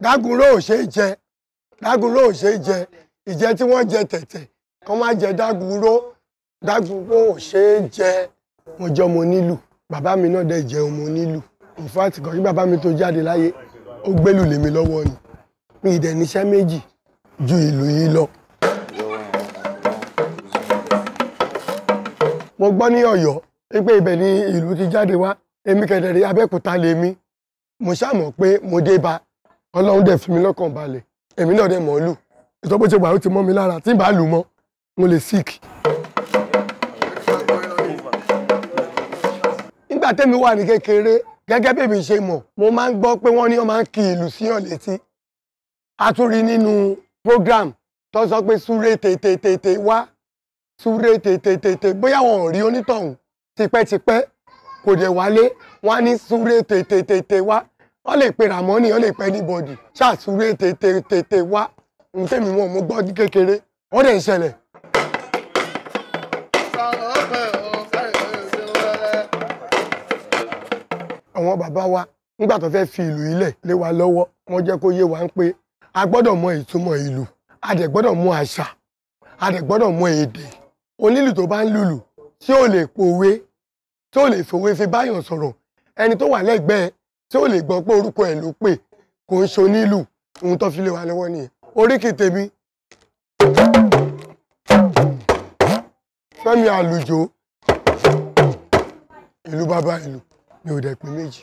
dágúnró ò ṣeé jẹ dágúnró ò ṣeé jẹ ìjẹ tí wọ́n jẹ tẹ̀tẹ̀ kó má jẹ dágúnró dágúnró ò ṣeé jẹ mo jẹ ọmọ onílù bàbá mi náà dẹ̀ jẹ ọmọ onílù in fact kò sí bàbá mi tó jáde láyé ó gbélù lèmi lọ́wọ́ ni mi ìdẹ̀ níṣẹ́ méjì ju ìlú yìí lọ mo gbọ́ ní ọ̀yọ́ wípé ibẹ̀ ni ìlú ti jáde wá èmi kẹ̀dẹ̀rẹ̀ abẹ́òkúta lèmi mo ṣàmọ̀ pé mo dé ba ọlọ́run dẹ̀ fi mi lọ́kàn balẹ̀ èmi náà dẹ̀ mọ̀ lù ìtọ́ bó ti mọ́ mi lára tí bá lù mọ́ mo lè sick. nígbà tẹ́mi wà ní kékeré gẹ́gẹ́ bí ṣe mọ̀ mo máa ń gbọ́ pé wọ́n ní wọ́n máa ń kí ìlù síyàn létí a tún rí nínú program tó sọ pé súré tètè tètè wá súré tètè bóyá wọn ò rí onítọ̀hún tipẹ́tipẹ́ kò dẹ̀ wálé wọn á ní súré tètè wá wọn lè pe ramoni wọn lè pe anybody ṣáà súré tètè wá ntẹ́mi wọn mo gbọ́ kékeré wọ́n dẹ̀ ń ṣẹlẹ̀. àwọn bàbá wa nígbà tó fẹ́ fi ìlú ilẹ̀ lé wa lọ́wọ́ wọ́n jẹ́ kó yé wa ń pé a gbọ́dọ̀ mọ ìtumọ̀ ìlú a dẹ̀ gbọ́dọ̀ mọ àṣà a dẹ̀ gbọ́dọ̀ mọ èdè onílù tó bá ń lùlù tí ò lè pòwe tí ò lè fòwe fi báyọ̀ sọ̀rọ̀ ẹni tó wà lẹ́gbẹ̀ẹ́ tí ò lè gbọ́ pé orúkọ ẹ̀ ló pè kò ń ṣonílù ohun tó fi lè wà lọ́wọ́ nìyẹn oríkì tèmi Fẹ́mi Àlùjọ ìlú bàbá ìlú mi ò dẹ̀ pé méjì.